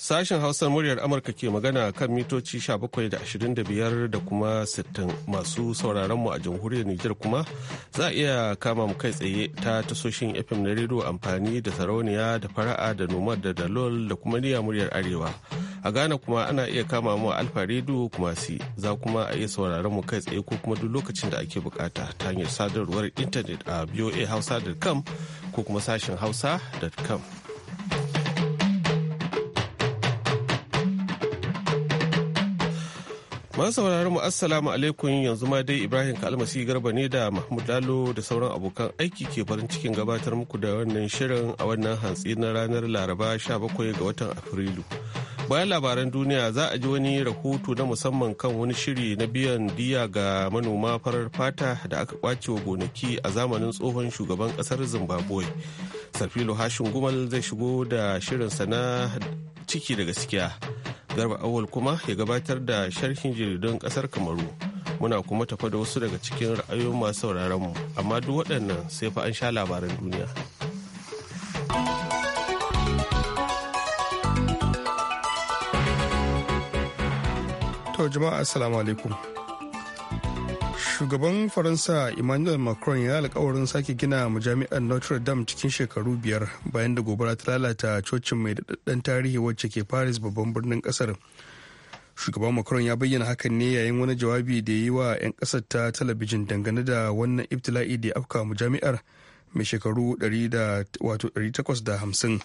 Sashen Hausar muryar Amurka ke magana kan mitoci 17.25 da kuma 60 masu sauraronmu a jamhuriyar Nijar kuma za a iya kama mu kai tsaye ta tasoshin FM na rediyo amfani da sarauniya da fara'a da nomad da dalol da kuma niya muryar Arewa. A Ghana kuma ana iya kama mu alfa rediyo kuma si za kuma a iya sauraron mu kai tsaye ko kuma duk lokacin da ake bukata ta hanyar sadarwar intanet a voahausa.com ko kuma sashen hausa.com. Masu sauraron mu assalamu alaikum yanzu ma dai Ibrahim Kalmasi Garba ne da Mahmud Dalo da sauran abokan aiki ke farin cikin gabatar muku da wannan shirin a wannan hantsi na ranar Laraba 17 ga watan Afrilu. Bayan labaran duniya za a ji wani rahoto na musamman kan wani shiri na biyan diya ga manoma farar fata da aka kwace wa gonaki a zamanin tsohon shugaban kasar Zimbabwe. Sarfilo Hashin Gumal zai shigo da shirinsa na ciki da gaskiya. garba awal kuma ya gabatar da sharhin jaridun kasar kamaru muna kuma tafa da wasu daga cikin ra'ayoyin masu sauraron mu amma duk waɗannan sai fa an sha labaran duniya to jama'a assalamu alaikum shugaban faransa emmanuel macron ya alkawarin sake gina majami'ar notre dame cikin shekaru biyar bayan da gobara ta lalata cocin mai daɗaɗɗen tarihi wacce ke paris babban birnin ƙasar shugaban macron ya bayyana hakan ne yayin wani jawabi da ya yi wa 'yan ƙasar ta talabijin dangane da wannan iftila'i da ya afka majami'ar mai shekaru 850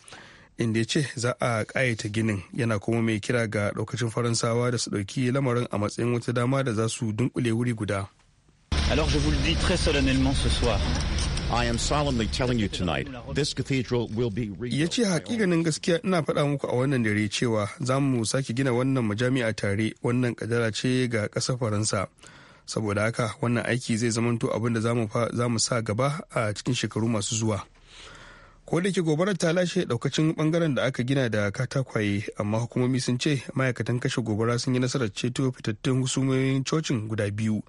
inda ya ce za a ƙayata ginin yana kuma mai kira ga ɗaukacin faransawa da su ɗauki lamarin a matsayin wata dama da za su dunkule wuri guda. Alors je vous le dis très solennellement ce soir. I am solemnly telling you tonight, this cathedral will be Ya ce hakikanin gaskiya ina faɗa muku a wannan dare cewa za mu sake gina wannan majami'a tare wannan kadara ce ga ƙasar Faransa. Saboda haka wannan aiki zai zamanto abin da za mu sa gaba a cikin shekaru masu zuwa. Ko da ke gobarar ta lashe daukacin bangaren da aka gina da katakwaye amma hukumomi sun ce ma'aikatan kashe gobara sun yi nasarar ceto fitattun husumomin cocin guda biyu.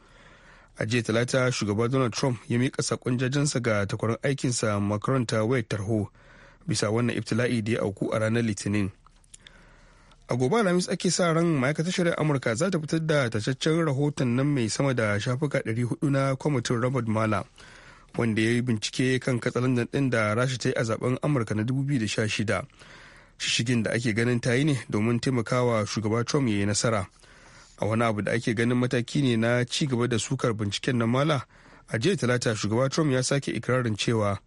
a jiya talata shugaba donald trump ya miƙa saƙon jajensa ga takwarar aikinsa macron ta waya tarho bisa wannan iftila'i da ya auku a ranar litinin a gobe alhamis ake sa ran ma'aikatar shari'ar amurka za ta fitar da tacaccen rahoton nan mai sama da shafuka 400 na kwamitin robert mala wanda ya yi bincike kan katsalandan ɗin da rasha ta yi a zaben amurka na 2016 shishigin da ake ganin ta yi ne domin taimakawa shugaba trump ya yi nasara a wani abu da ake ganin mataki ne na ci gaba da sukar binciken na mala a jiya talata shugaba trump ya sake ikirarin cewa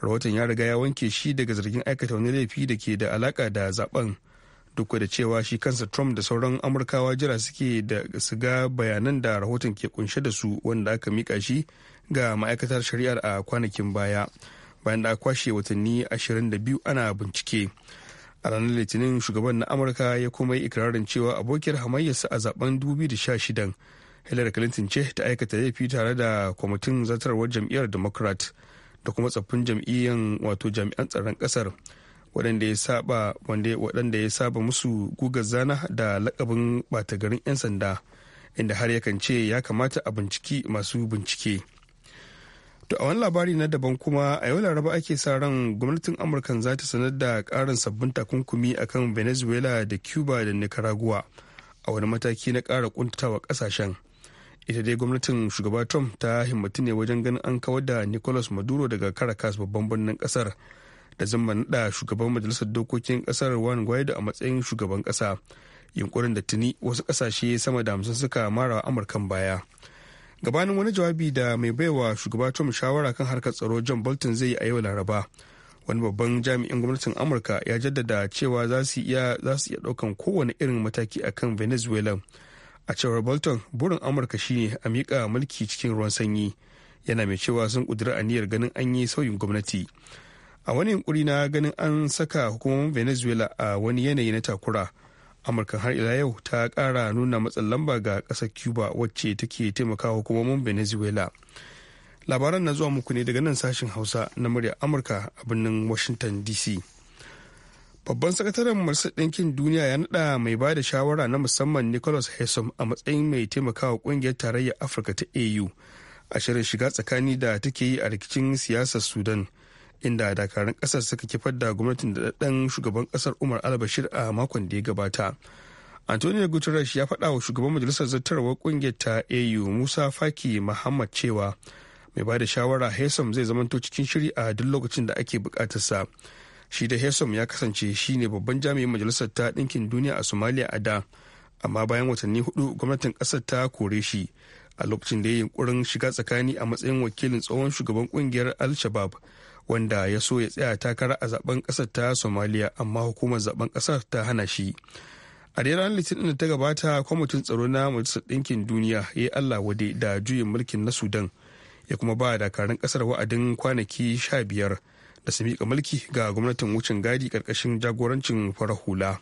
rahoton ya riga ya wanke shi daga zargin aikata wani laifi da ke da alaka da zaben duk da cewa shi kansa trump da sauran amurkawa jira suke da su ga bayanan da rahoton ke kunshe da su wanda aka mika shi ga ma'aikatar shari'ar a kwanakin baya bayan da kwashe watanni 22 ana bincike. a ranar litinin shugaban na amurka ya kuma yi ikirarin cewa abokiyar hamayyarsa a zaben 2016 hillary clinton ce ta aikata laifi tare da kwamitin zartarwar jam'iyyar democrat da kuma tsaffin jam'iyyan wato jami'an tsaron kasar waɗanda ya saba musu gugar zana da lakabin bata garin 'yan sanda inda har yakan ce ya kamata a bincike masu bincike To a wani labari na daban kuma a yau laraba ake sa ran gwamnatin Amurka za ta sanar da karin sabbin takunkumi akan Venezuela da Cuba da Nicaragua a wani mataki na kara kuntatawa kasashen. Ita dai gwamnatin shugaba Trump ta himmatu ne wajen ganin an kawar da Nicolas Maduro daga Caracas babban birnin kasar da zama naɗa shugaban majalisar dokokin ƙasar Juan Guaido a matsayin shugaban ƙasa Yunkurin da tuni wasu ƙasashe sama da hamsin suka mara Amurkan baya. gabanin wani jawabi da mai baiwa shugaba trump shawara kan harkar tsaro john bolton zai yi a yau laraba wani babban jami'in gwamnatin amurka ya jaddada cewa za su iya ɗaukan kowane irin mataki akan venezuela a cewar bolton burin amurka shine a miƙa mulki cikin ruwan sanyi yana mai cewa sun ƙudiri aniyar ganin an yi sauyin gwamnati a wani yunkuri na ganin an saka hukumomin venezuela a wani yanayi na takura amurka har ila yau ta kara nuna matsin lamba ga kasar cuba wacce take taimakawa hukumomin venezuela labaran na zuwa muku ne daga nan sashen hausa na murya amurka a birnin washington dc babban sakataren majalisar ɗinkin duniya ya naɗa mai ba da shawara na musamman nicholas hesom a matsayin mai taimakawa ƙungiyar tarayyar afirka ta au a shirin shiga tsakani da take yi a rikicin siyasar sudan inda dakarun kasar suka kifar da gwamnatin da shugaban kasar umar albashir a makon da ya gabata antonio guterres ya faɗa wa shugaban majalisar zartarwar ƙungiyar ta au musa faki muhammad cewa mai bada shawara hesom zai zamanto cikin shiri a duk lokacin da ake buƙatarsa shi da hesom ya kasance shi ne babban jami'in majalisar ta ɗinkin duniya a somalia a da amma bayan watanni hudu gwamnatin ƙasar ta kore shi a lokacin da ya yunkurin shiga tsakani a matsayin wakilin tsohon shugaban ƙungiyar al-shabab wanda ya so ya tsaya takara a zaben kasar ta somaliya amma hukumar zaben kasar ta hana shi a dai ranar litinin da ta gabata kwamitin tsaro na majalisar ɗinkin duniya ya yi allah wade da juyin mulkin na sudan ya kuma ba dakarun kasar wa'adin kwanaki sha biyar da su miƙa mulki ga gwamnatin wucin gadi ƙarƙashin jagorancin farar hula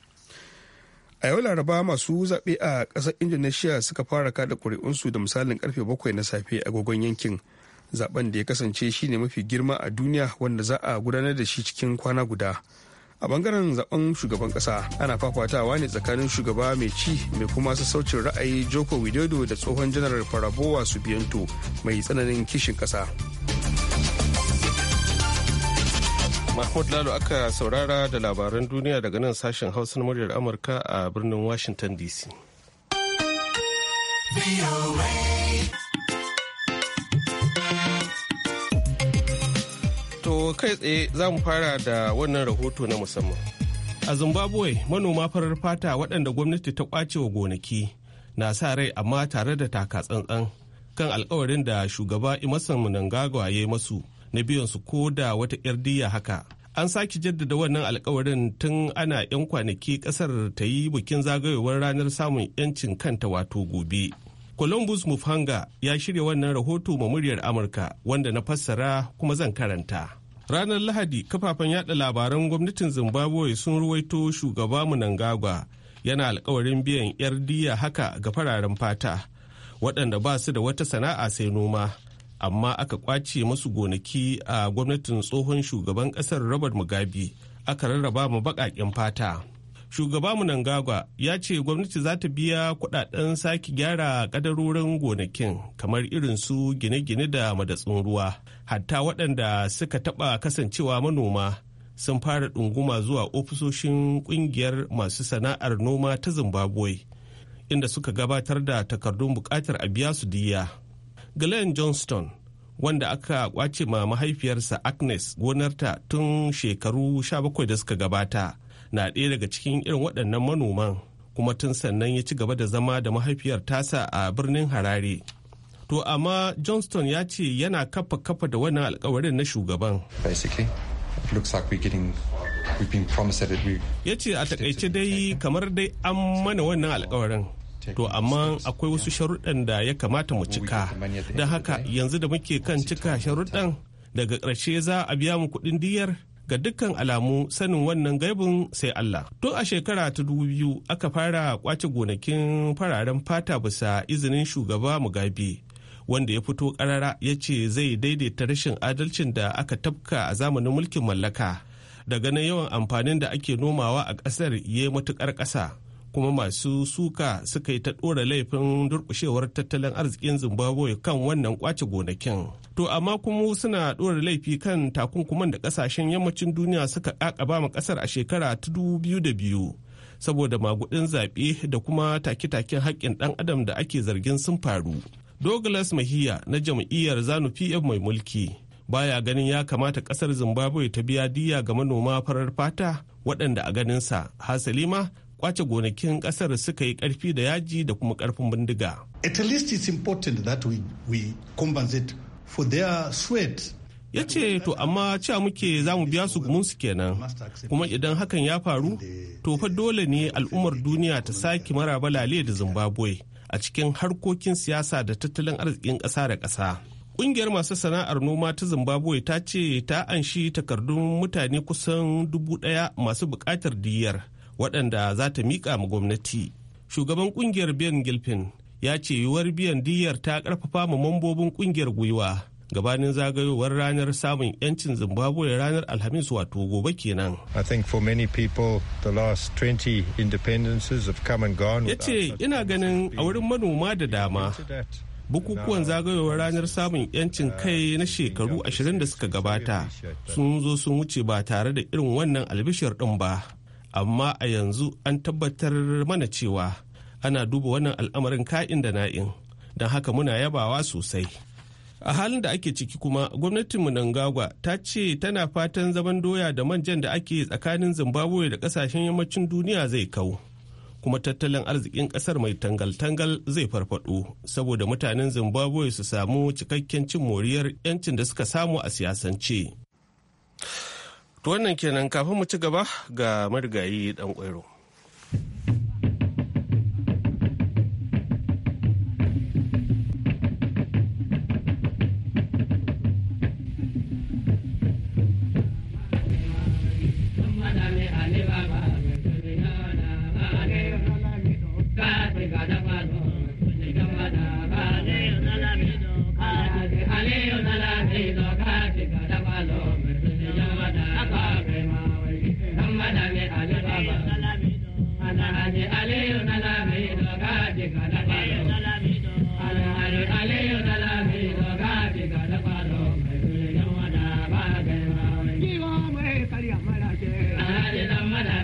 a yau laraba masu zaɓe a ƙasar indonesia suka fara kada ƙuri'unsu da misalin karfe bakwai na safe a agogon yankin zaben da ya kasance shine mafi girma a duniya wanda za a gudanar da shi cikin kwana guda a bangaren zaben shugaban kasa ana fafatawa ne tsakanin shugaba mai ci mai kuma sassaucin ra'ayi joko widodo da tsohon janar farabowa subiyanto mai tsananin kishin kasa mahmud lalo aka saurara da labaran duniya daga nan sashen hausa na muryar amurka a birnin washington dc To kai tsaye za mu fara da wannan rahoto na musamman. A Zimbabwe manoma farar fata waɗanda gwamnati ta ƙwace wa gonaki na sa rai amma tare da taka tsantsan kan alkawarin da shugaba imasan Mnangagwa ya masu na biyan su ko da wata yar haka. An sake jaddada wannan alkawarin tun ana 'yan kwanaki ƙasar ta yi bikin zagayowar ranar samun 'yancin kanta wato gobe. Columbus Mufanga ya shirya wannan rahoto ma muryar Amurka wanda na fassara kuma zan karanta. Ranar Lahadi kafafen yada labaran gwamnatin Zimbabwe sun ruwaito shugaba Nangagwa, yana alkawarin biyan 'yar diya haka ga fararen fata waɗanda ba su da wata sana'a sai noma amma aka kwace masu gonaki a gwamnatin tsohon shugaban ƙasar Robert Mugabe aka rarraba mu baƙaƙen fata. Shugaba Nangagwa ya ce gwamnati za ta biya kuɗaɗen sake gyara kadarorin gonakin kamar irin su gine-gine da madatsun ruwa. hatta waɗanda suka taɓa kasancewa manoma sun fara ɗunguma zuwa ofisoshin ƙungiyar masu sana'ar noma ta zimbabwe inda suka gabatar da takardun buƙatar a biya su diya glenn johnston wanda aka kwace ma mahaifiyarsa agnes gonarta tun shekaru 17 da suka gabata na ɗaya daga cikin irin waɗannan manoman kuma tun sannan ya ci gaba da zama da mahaifiyar tasa a birnin harare To amma Johnston ya ce yana kafa kafa da wannan alkawarin na shugaban. Ya ce a takaice dai kamar dai an mana wannan alkawarin. To amma akwai wasu sharuɗan da ya kamata mu cika. Don haka yanzu da muke kan cika sharuɗan daga ƙarshe za a biya mu kuɗin diyar ga dukkan alamu sanin wannan gaibin sai Allah. Tun a shekara ta dubu biyu aka fara kwace gonakin fararen fata bisa izinin shugaba Mugabe wanda ya fito karara ya ce zai daidaita rashin adalcin da aka tabka a zamanin mulkin mallaka daga nan yawan amfanin da ake nomawa a ƙasar ya matukar ƙasa kuma masu suka suka yi ta ɗora laifin durƙushewar tattalin arzikin zimbabwe kan wannan ƙwace gonakin to amma kuma suna ɗora laifi kan takunkuman da ƙasashen yammacin duniya suka ƙaƙaba ma ƙasar a shekara ta biyu saboda magudin zaɓe da kuma take-taken haƙƙin ɗan adam da ake zargin sun faru douglas Mahia na jam'iyyar zanu pf mai mulki baya ganin ya kamata kasar zimbabwe ta biya diya ga manoma farar fata waɗanda a ganinsa hasali ma kwace gonakin kasar suka yi karfi da yaji da kuma karfin bindiga. At least it's important that we, we compensate for their sweat. Ya ce to amma cewa muke za mu biya su su kenan kuma idan hakan ya faru to fa dole ne al'ummar duniya ta sake marabalale da Zimbabwe a cikin harkokin siyasa da tattalin arzikin ƙasa da ƙasa. Ƙungiyar masu sana'ar noma ta Zimbabwe ta ce ta anshi takardun mutane kusan dubu ɗaya masu buƙatar diyyar waɗanda za ta miƙa ma gwamnati. Shugaban ƙungiyar Ben Gilfin ya ce yiwuwar biyan diyyar ta ƙarfafa ma mambobin ƙungiyar gwiwa gabanin zagayowar ranar samun 'yancin zimbabwe ranar alhamis wato gobe kenan i think for many the last 20 independences have come and ya ce ina ganin a wurin manoma da dama bukukuwan zagayowar ranar samun 'yancin kai na shekaru 20 da suka gabata sun zo sun wuce ba tare da irin wannan albishir din ba amma a yanzu an tabbatar mana cewa ana duba wannan al'amarin ka'in da na'in don haka muna yabawa sosai a halin da ake ciki kuma gwamnatin Mnangagwa ta ce tana fatan zaman doya da manjan da ake tsakanin zimbabwe da kasashen yammacin duniya zai kau kuma tattalin arzikin kasar mai tangal-tangal zai farfado saboda mutanen zimbabwe su samu cikakken cin moriyar 'yancin da suka samu a siyasance to wannan kenan kafin mu ci gaba ga marigayi dan kwairo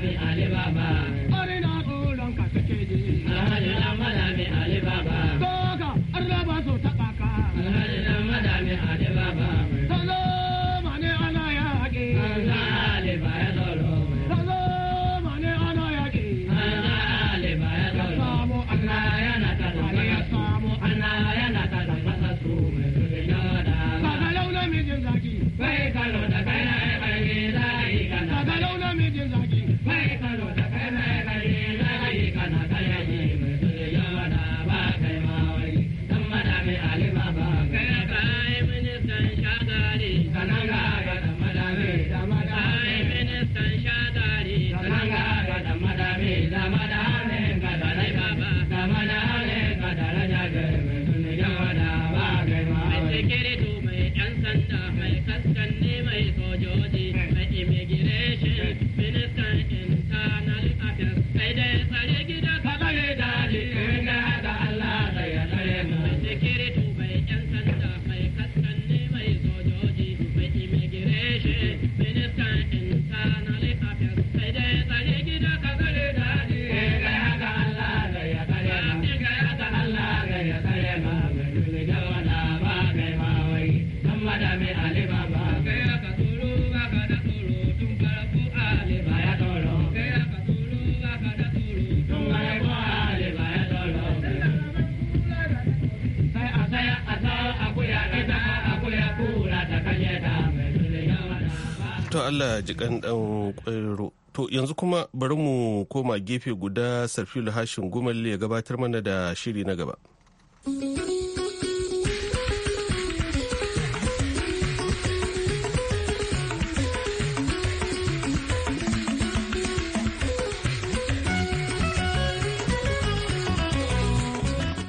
bi alibaba Allah jikan dan kwairo. To yanzu kuma bari mu koma gefe guda Sarfilu Hashin Gumalle ya gabatar mana da shiri na gaba.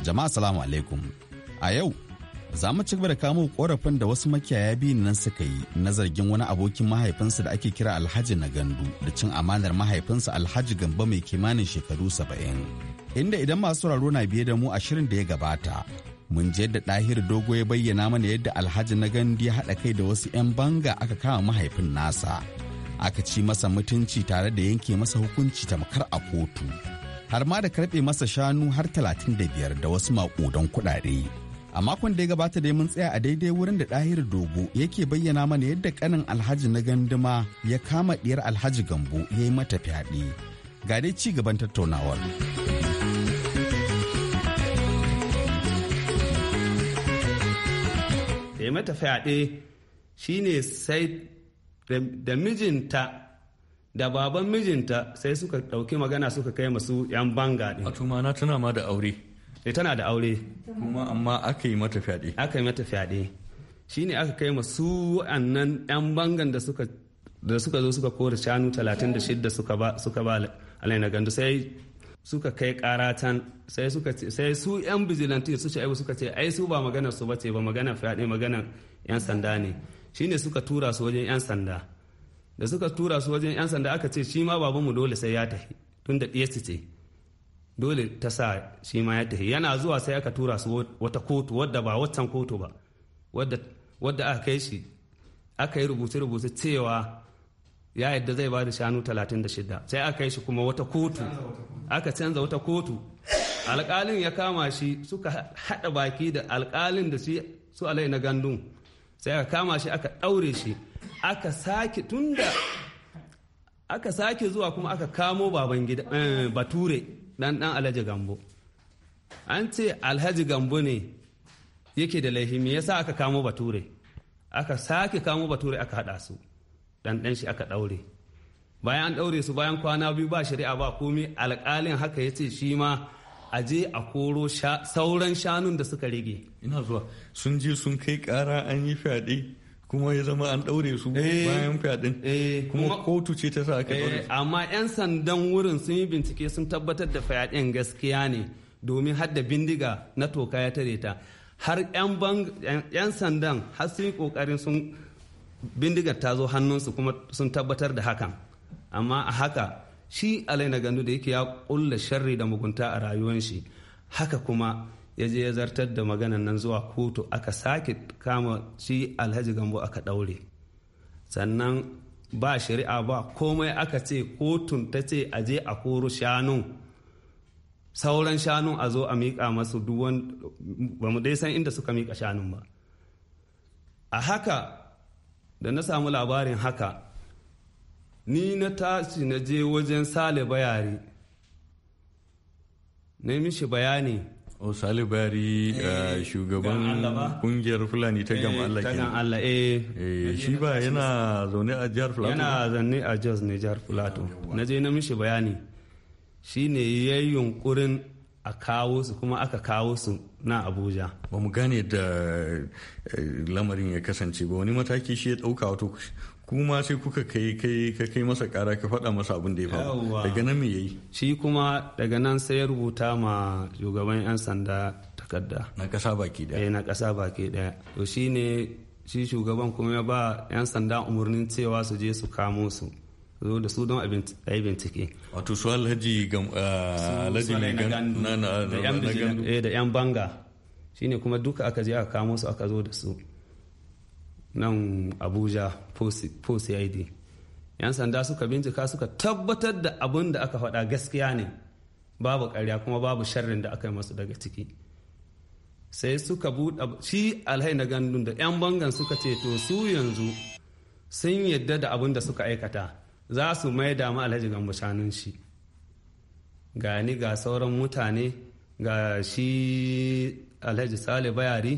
Jama'a salamu alaikum. A yau za mu ci gaba da kamo korafin da wasu makiyaya biyu nan suka yi na zargin wani abokin mahaifinsa da ake kira alhaji na gandu da cin amanar mahaifinsa alhaji gamba mai kimanin shekaru saba'in inda idan masu sauraro na biye da mu a shirin da ya gabata mun je da ɗahir dogo ya bayyana mana yadda alhaji na gandu ya haɗa kai da wasu 'yan banga aka kama mahaifin nasa aka ci masa mutunci tare da yanke masa hukunci tamkar a kotu har ma da karɓe masa shanu har talatin da biyar da wasu maƙudan kuɗaɗe. a makon da ya gabata dai mun tsaya a daidai wurin da ɗahir dogo yake bayyana mana yadda kanin alhaji na ganduma ya kama ɗiyar alhaji gambo ya yi mata fyaɗe ga dai ci gaban tattaunawar da ya mata fyaɗe shine sai da mijinta da baban mijinta sai suka ɗauki magana suka kai masu 'yan banga ɗin. A tumana tana ma da aure. sai eh, tana da aure kuma amma aka yi mata fyaɗe aka yi mata fyaɗe shine aka kai ma su wa'annan yan bangan da suka zo suka kore shanu 36 suka ba suka ba alaina gandu sai suka kai karatan sai suka sai su yan vigilante su ce suka ce ai su ba maganar su bace ba maganar fyaɗe maganar yan sanda ne shine suka tura su wajen yan sanda da suka tura su wajen yan sanda aka ce shi ma babanmu dole sai ya tafi tun da ɗiyasi ce dole ta sa shi ma ya tafi yana zuwa sai aka tura su wata kotu wadda ba waccan kotu ba wadda aka kai shi aka yi rubuce-rubuce cewa ya yadda zai ba da shanu 36 sai aka kai shi kuma wata kotu aka canza wata kotu alƙalin ya kama shi suka haɗa baki da alƙalin da shi su alai na gandun sai aka kama shi aka ɗaure shi aka sake tunda aka sake zuwa kuma aka kamo baban gida eh, bature dan dan alhaji gambo an ce alhaji gambo ne yake da laifi me yasa aka kamo bature aka sake kamo bature aka hada su dan dan shi aka daure bayan an daure su bayan kwana biyu ba shari'a ba komai alƙalin haka yace shi ma a je a koro sauran shanun da suka rige ina zuwa sun je sun kai ƙara an yi fyaɗe kuma ya zama an ɗaure su eh. bayan fyaɗin eh. kuma kotu ce ta sa aka ɗaure eh, su amma 'yan sandan wurin sun yi bincike sun tabbatar da fyaɗin gaskiya ne domin hadda bindiga na toka ya tare ta har 'yan sandan har sun yi ƙoƙarin sun bindigar ta zo hannunsu kuma sun tabbatar da hakan amma a haka shi alaina gandu da yake ya ƙulla sharri da mugunta a rayuwar shi haka kuma ya je ya zartar da maganan nan zuwa kotu aka sake kama shi alhaji gambo aka daure sannan ba shari'a ba komai aka ce kotun ta ce a je a koro shanu sauran shanun a zo a miƙa masu duwan ba dai san inda suka miƙa shanun ba a haka da na samu labarin haka ni na tashi na je wajen sale bayari na mishi bayani osali Sale Bari eh, shugaban kungiyar Fulani ta gama eh, Allah ke. Allah eh. Shi ba yana zaune a jihar Yana zaune a Jos ne jihar Filato. Na je na mishi bayani. Shi ne ya yi yunkurin a kawo su kuma aka kawo su na Abuja. Ba mu gane da lamarin ya kasance ba wani mataki shi ya ɗauka wato kuma sai kuka kai kai ka kai masa kara ka faɗa masa abin da ya faru daga nan me yayi shi kuma daga nan sai ya rubuta ma shugaban yan sanda takarda na kasa baki daya eh, na kasa baki daya to shine shi shugaban kuma ya ba yan sanda umarnin cewa su je su kamo su zo da su don a yi bincike wato su alhaji ah, alhaji na gandu da yan eh, banga shine kuma duka aka je aka kamo su aka zo da su nan abuja post id yan sanda suka bincika suka tabbatar da abin da aka faɗa gaskiya ne babu karya kuma babu sharrin da aka yi masu daga ciki sai suka buɗe shi alhai na gandun da 'yan bangan suka ce to su yanzu sun yadda da abin da suka aikata za su mai da alhaji gambo shanun shi ga ga sauran mutane ga shi alhaji sale bayari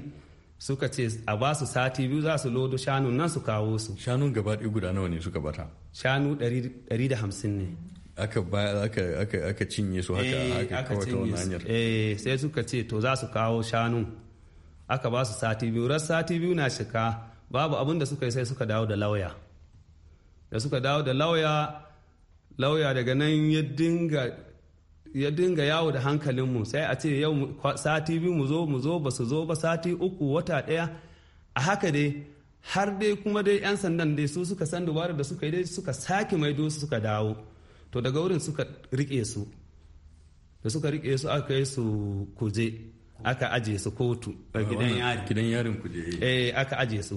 suka ce a ba su sati biyu za su lodo shanun nan su kawo su shanun gaba ɗaya guda nawa ne suka bata shanu 150 ne aka aka aka aka cinye su haka eh, aka kawo ta wani hanyar eh sai suka ce to za su kawo shanun aka ba su sati biyu ran sati biyu na shika babu abin da suka yi sai suka dawo da lauya da suka dawo da lauya lauya daga nan ya dinga ya dinga yawo da hankalinmu sai a ce yau sati biyu mu zo mu zo ba su zo ba sati uku wata ɗaya a haka dai har dai kuma dai 'yan sandan dai su suka san dubarar da suka yi dai suka sake maido su suka dawo to daga wurin suka rike su da suka rike su aka yi su kuje aka aje su kotu a gidan gidan yarin kuje eh. eh aka aje su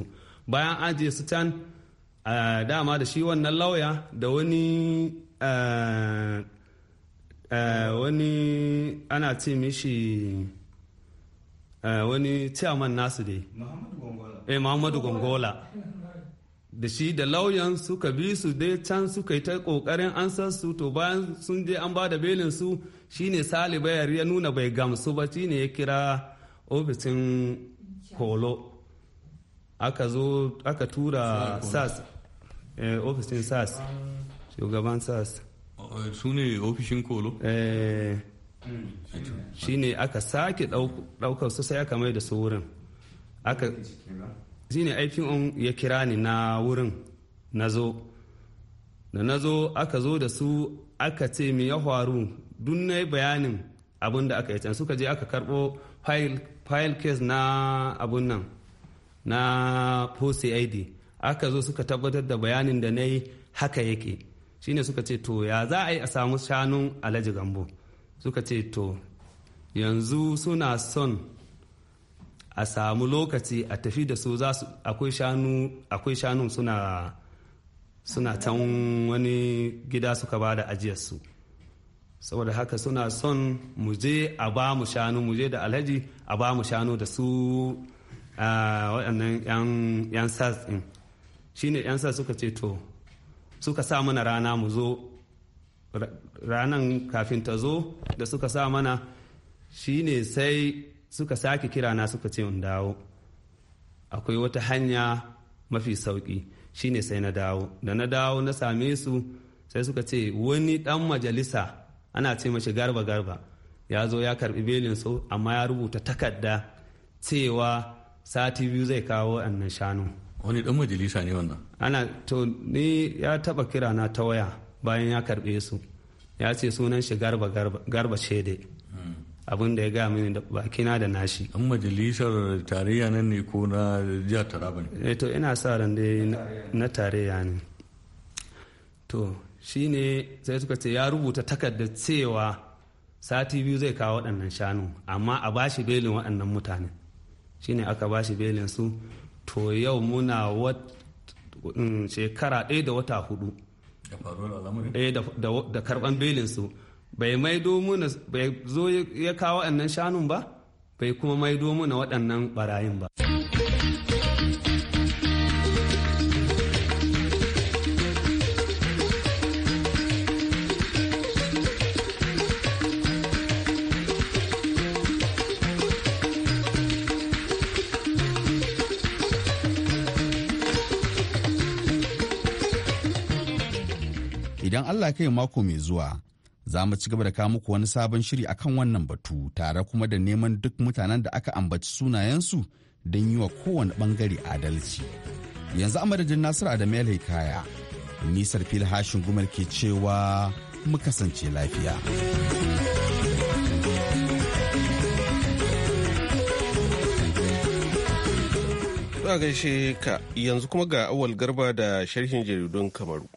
bayan aje su can dama da shi wannan lauya da wani eh, Eh, wani ana ce mishi eh, wani chairman nasu dai eh muhammadu gongola da shi da lauyan suka bi su dai can suka yi ta kokarin san su to bayan sun je an ba da belin su shine sali bayar ya nuna bai gamsu ba shine ya kira ofisin kolo aka zo aka tura sas eh, ofisin sas shugaban sas Eh, su ne ofishin kolo? Eh, shi ne aka sake ɗaukar su sai aka mai da su wurin aka shi ne aikin ya kira ni na wurin na zo da na zo aka zo da su aka ce mi ya faru duk na yi bayanin abin da aka yi can suka je aka karbo file case na abun nan na posi id aka zo suka tabbatar da bayanin da na yi haka yake shine suka ce to ya za a yi a samu shanun alhaji gambo suka ce to yanzu suna son a samu lokaci a tafi da su za su akwai shanun suna suna can wani gida suka ba da ajiyarsu saboda haka suna son mu je a ba mu shanu mu je da alhaji a ba mu shanu da su ah, waɗannan 'yan sas ɗin shine 'yan sas suka ce to suka sa mana rana mu zo ranan kafin ta zo da suka sa mana shine sai suka sake kira na suka ce in dawo akwai wata hanya mafi sauki shine sai na dawo da na dawo na same su sai suka ce wani dan majalisa ana ce mashi garba garba ya zo ya karbi belin su amma ya rubuta takarda cewa sati biyu zai kawo annan shanu wani dan majalisa ne wannan ana to ni ya taba kira na ta waya bayan ya karbe su ya ce sunan shi garba garba shede hmm. abin da ya gaya mini da bakina da nashi an majalisar tarayya nan ne ko na jihar taraba ne eh, to ina sa ran dai na tarayya ne to shine sai suka ce ya rubuta takardar cewa sati biyu zai kawo waɗannan shanu amma a bashi belin waɗannan mutane shine aka bashi belin su to yau muna mm, shekara ɗaya da wata hudu da eh, karban belinsu bai maido muna bai zo ya kawo waɗannan shanun ba bai kuma maido muna waɗannan barayin ba. idan Allah kai mako mai zuwa za mu ci gaba da kawo muku wani sabon shiri akan wannan batu tare kuma da neman duk mutanen da aka ambaci sunayensu don yi wa kowane bangare adalci. Yanzu a madadin Nasiru Adamu Yalai Kaya, nisar fil hashin gumar ke cewa mu kasance lafiya. Zuwa gaishe ka yanzu kuma ga awal garba da sharhin jaridun Kamaru.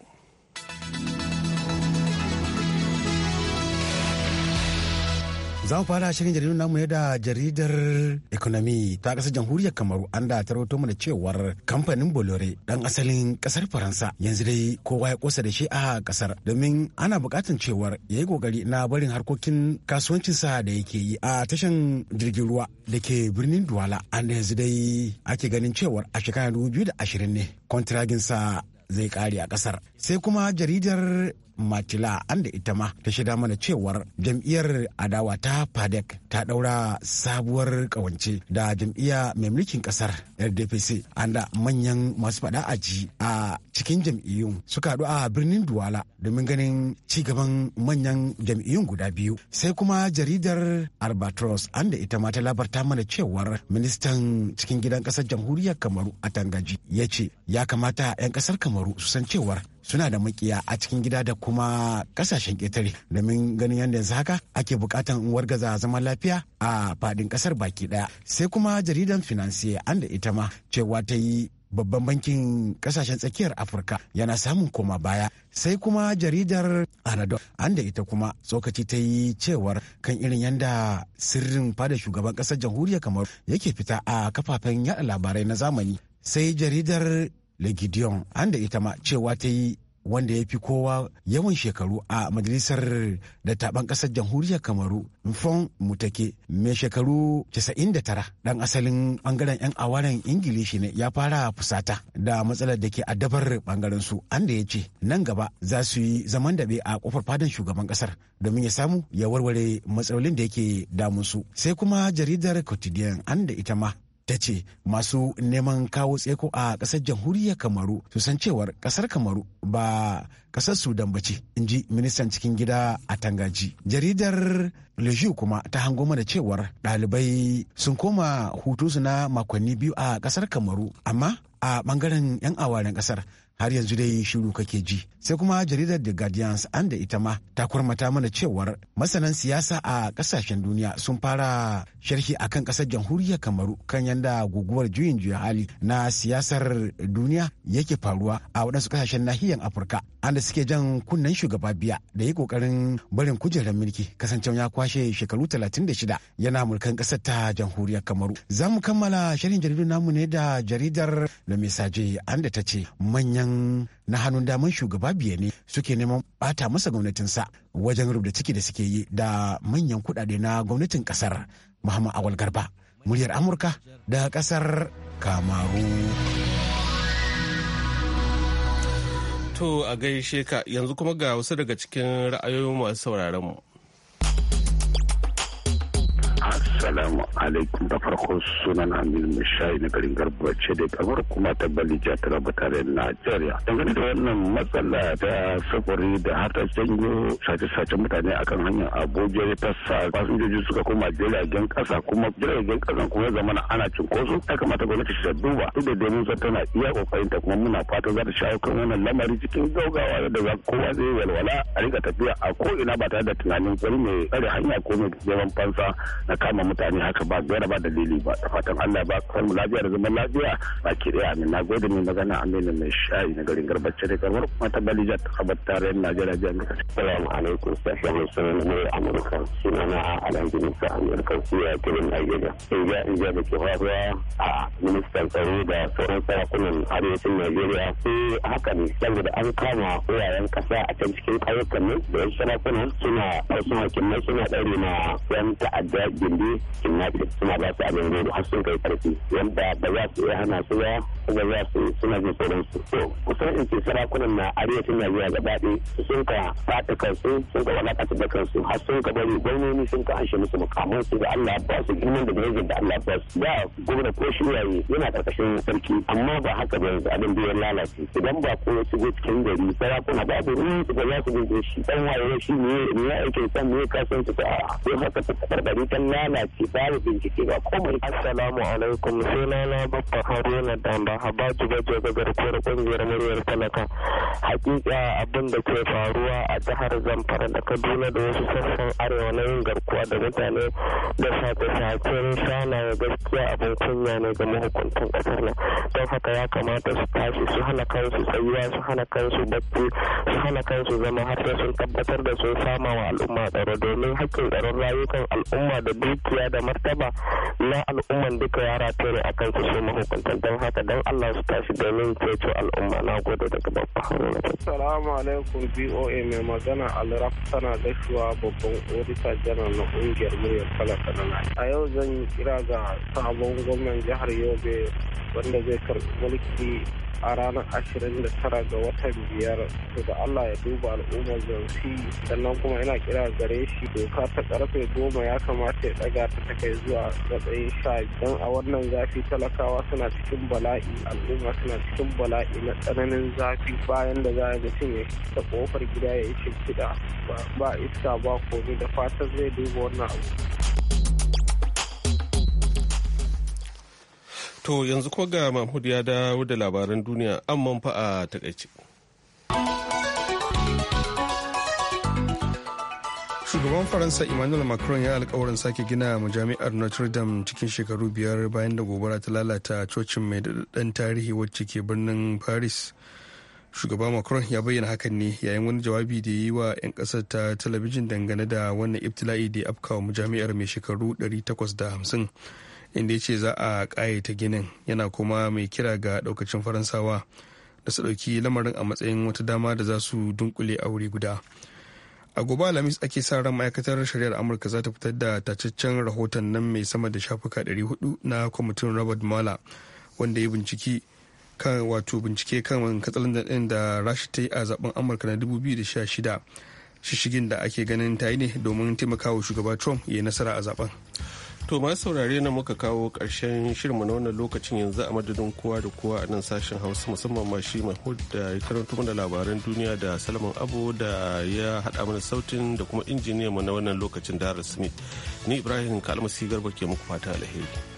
za mu fara shirin jaridar namu ne da jaridar economy ta kasar jamhuriyar kamaru an da ta rawato mana cewar kamfanin bolore dan asalin kasar faransa yanzu dai kowa ya kosa da shi a kasar domin ana bukatan cewar ya yi kokari na barin harkokin kasuwancin sa da yake yi a tashan jirgin ruwa da ke birnin duwala an da yanzu dai ake ganin cewar a shekara ashirin ne sa zai kare a kasar sai kuma jaridar matila anda ita ma ta shida mana cewar jam'iyyar adawa ta padec ta daura sabuwar kawance da jam'iyya mai mulkin kasar rdpc anda manyan masu fada a ji a cikin jam'iyyun suka haɗu a birnin duwala domin ganin ci gaban manyan jam'iyyun guda biyu sai kuma jaridar albatros anda ita ma ta labarta mana cewar ministan cikin gidan kasar jamhuriyar kamaru a tangaji ya ce ya kamata 'yan kasar kamaru su san cewar suna da makiya a cikin gida da kuma kasashen ƙetare domin ganin yadda yanzu haka ake buƙatan wargaza zaman lafiya a faɗin ƙasar baki ɗaya sai kuma jaridan finance an da ita ma cewa ta yi babban bankin kasashen tsakiyar afirka yana samun koma baya sai kuma jaridar anadol an da ita kuma tsokaci ta yi cewar kan irin yadda sirrin fada shugaban kasar jamhuriyar kamaru yake fita a kafafen yada labarai na zamani sai jaridar legidion an da ita ma cewa ta yi wanda ya fi kowa yawan shekaru a majalisar da taɓan ƙasar jamhuriyar kamaru mfon mutake mai shekaru 99 ɗan asalin ɓangaren 'yan awaren ingilishi ne ya fara fusata da matsalar da ke addabar ɓangaren su an da ya ce nan gaba za su yi zaman daɓe a kofar fadan shugaban ƙasar domin ya samu ya warware matsalolin da yake damun su sai kuma jaridar quotidien an da ita ma ta ce masu neman kawo tseko a ƙasar jamhuriyar kamaru su san cewar ƙasar kamaru ba ƙasar sudan ba ce in ji ministan cikin gida a tangaji jaridar lejiu kuma ta hango mana cewar ɗalibai sun koma hutu su na makonni biyu a ƙasar kamaru amma a ɓangaren 'yan awaren ƙasar har yanzu dai shiru kake ji sai kuma jaridar the guardians an da ita ma ta kurmata mana cewar masanan siyasa a kasashen duniya sun fara sharhi akan kasar jamhuriyar kamaru kan yadda guguwar juyin juya hali na siyasar duniya yake faruwa a wadansu kasashen nahiyar afirka an da suke jan kunnen shugaba biya da ya kokarin barin kujerar mulki kasancewa ya kwashe shekaru 36 yana mulkan kasar ta jamhuriyar kamaru za mu kammala sharhin jaridar namu ne da jaridar le an da ta ce manyan nan na hannun daman shugaba biya ne suke neman bata masa gwamnatinsa wajen rubuta ciki da suke yi da manyan kuɗaɗe na gwamnatin ƙasar muhammad awal garba muryar amurka da ƙasar kamaru to a gaishe ka yanzu kuma ga wasu daga cikin ra'ayoyin masu sauraron mu Assalamu alaikum da farko sunan amin Mishayi na garin Garbace da kamar kuma ta Balija ta raba tare Najeriya. Dangane da wannan matsala ta sufuri da har ta janyo sace-sacen mutane akan hanyar Abuja ta sa fasinjoji suka koma jiragen kasa kuma jiragen kasa kuma ya zama ana cinkoso ya kamata gwamnati ta duba duk da domin zan tana iya kokarin ta kuma muna fatan za ta shawo kan wannan lamari cikin gaugawa da za kowa zai walwala a rika tafiya a ko ina ba tare da tunanin wani mai tsare hanya ko mai zaman fansa na kama mutane haka ba gaira ba dalili ba da fatan Allah ba kar mu lafiya da zaman lafiya ba ki da amin na gode mai magana amina mai shayi na garin garbacce da kamar kuma ta balija ta kabar tarayyar Najeriya jami'a. Salamu alaikum sashen musulun ne Amurka na Alhaji Musa Amurka suya kirin Najeriya. In ja in ja da ke faruwa a ministan tsaro da sauran sarakunan arewacin Najeriya sai haka ne saboda an kama wuraren kasa a can cikin ƙauyukan nan da yan sarakunan suna ɗauki hakimai suna ɗaure na yan ta'adda gindi na kidnapping suna ba su abin goro har sun kai karfi wanda ba za su iya hana su ba ba za su suna jin tsoron su to kusan in ce sarakunan na arewacin najeriya gaba ɗaya sun ka fata kansu sun ka kasu da kansu har sun ka bari gwamnoni sun ka anshe musu mukamman su da allah ba su girman da gwamnati da allah ba su da gwamna ko shiraye yana karkashin sarki amma ba haka ba yanzu abin biyar lalace idan ba ko ya shigo cikin gari sarakuna su ruwan su ba za su gudu shi dan waye shi ne ya aikin san ne kasan su ta ko haka ta karbari ta lalace ake ba da bincike ba komai. Assalamu alaikum suna na babba Haruna Damba Habaju Bajo ga garkuwar kungiyar muryar talaka. Hakika abin da ke faruwa a jihar Zamfara da Kaduna da wasu sassan arewa na yin garkuwa da mutane da sace sana ya gaskiya abin kunya ne ga mahukuntan kasar nan. Don haka ya kamata su tashi su hana kansu tsayuwa su hana kansu bacci su hana kansu zama har sun tabbatar da sun sama wa al'umma tsaro domin hakkin tsaron rayukan al'umma da dukiya dukiya da martaba na al'umman duka yara tare a kansu su mahukuntan don haka don Allah su tashi domin ceto al'umma na gode daga babba haruna. alaikum BOA mai magana Alraf tana gaisuwa babban odita janar na ƙungiyar muryar talaka na A yau zan yi kira ga sabon gwamnan jihar Yobe wanda zai karɓi mulki a ranar ashirin da tara ga watan biyar to da Allah ya duba al'ummar zansi sannan kuma yana kira gare shi doka ta karfe goma ya kamata ya daga ta ta kai zuwa matsayin sha don a wannan zafi talakawa suna cikin bala'i al'umma suna cikin bala'i na tsananin zafi bayan da za a mutum ya ta kofar gida ya yi shimfiɗa ba iska ba komai da fatan zai duba wannan abu. To yanzu kuma ga Mahmud ya dawo da labaran duniya amman fa a takaice. Shugaban Faransa Emmanuel Macron ya alkawarin sake gina majami'ar Notre Dame cikin shekaru biyar bayan da gobara ta lalata cocin mai daɗaɗɗen tarihi wacce ke birnin Paris. Shugaba Macron ya bayyana hakan ne yayin wani jawabi da ya yi wa 'yan ƙasar ta talabijin dangane da wannan iftila'i da ya afkawa majami'ar mai shekaru 850. inda ya ce za a ta ginin yana kuma mai kira ga ɗaukacin faransawa da su ɗauki lamarin a matsayin wata dama da za su dunkule a wuri guda a gobe alhamis ake sa ran ma'aikatar shari'ar amurka za ta fitar da tacaccen rahoton nan mai sama da shafuka 400 na kwamitin robert mala wanda ya binciki kan wato bincike kan katsalandan ɗin da rashi ta yi a zaben amurka na 2016 shishigin da ake ganin ta yi ne domin taimakawa shugaba trump ya yi nasara a zaben To ma saurare na muka kawo ƙarshen shirinmu na wannan lokacin yanzu a madadin kowa da kowa a nan sashen Hausa musamman ma shi Mahmud da ya karanto mana labaran duniya da Salaman Abu da ya haɗa mana sautin da kuma injiniyan na wannan lokacin da Smith. Ni Ibrahim Kalmasi Garba ke muku fata alheri.